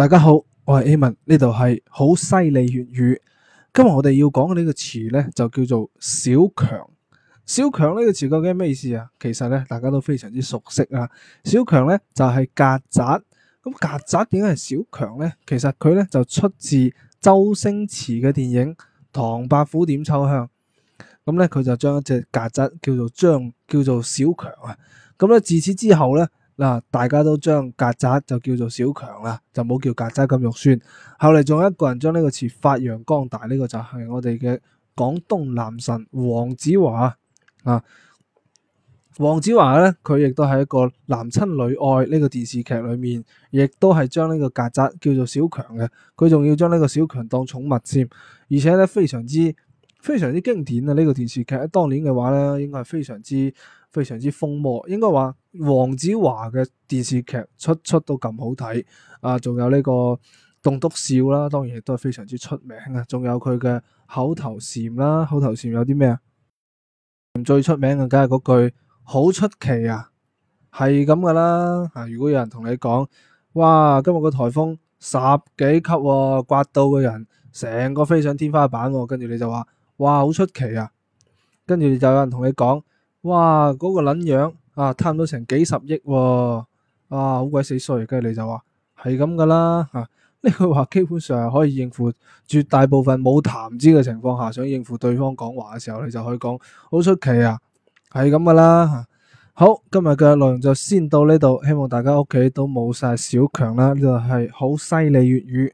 大家好，我係 a 文。呢度係好犀利粵語。今日我哋要講嘅呢個詞呢，就叫做小強。小強呢個詞究竟係咩意思啊？其實咧，大家都非常之熟悉啦、啊。小強呢，就係曱甴，咁曱甴點解係小強呢？其實佢呢，就出自周星馳嘅電影《唐伯虎點秋香》。咁、嗯、呢，佢就將一隻曱甴叫做張，叫做小強啊。咁、嗯、呢，自此之後呢。嗱，大家都將曱甴就叫做小強啦，就冇叫曱甴咁肉酸。後嚟仲有一個人將呢個詞發揚光大，呢個就係我哋嘅廣東男神黃子華啊。啊，黃子華呢，佢亦都係一個男親女愛呢個電視劇裏面，亦都係將呢個曱甴叫做小強嘅。佢仲要將呢個小強當寵物，添而且呢非常之。非常之經典啊！呢、這個電視劇喺當年嘅話呢，應該係非常之非常之風魔。應該話黃子華嘅電視劇出出都咁好睇啊！仲有呢個棟篤笑啦、啊，當然亦都係非常之出名啊！仲有佢嘅口頭禪啦、啊，口頭禪有啲咩啊？最出名嘅梗係嗰句好出奇啊，係咁噶啦。啊，如果有人同你講哇，今日個颱風十幾級、喎，颳到個人成個飛上天花板、喎，跟住你就話。哇，好出奇啊！跟住就有人同你講，哇，嗰、那個捻樣啊，貪到成幾十億喎、啊！哇、啊，好鬼死衰，跟住你就話係咁噶啦吓。呢、啊、句話基本上係可以應付絕大部分冇談資嘅情況下，想應付對方講話嘅時候，你就可以講好出奇啊，係咁噶啦吓、啊。好，今日嘅內容就先到呢度，希望大家屋企都冇晒小強啦，呢度係好犀利粵語。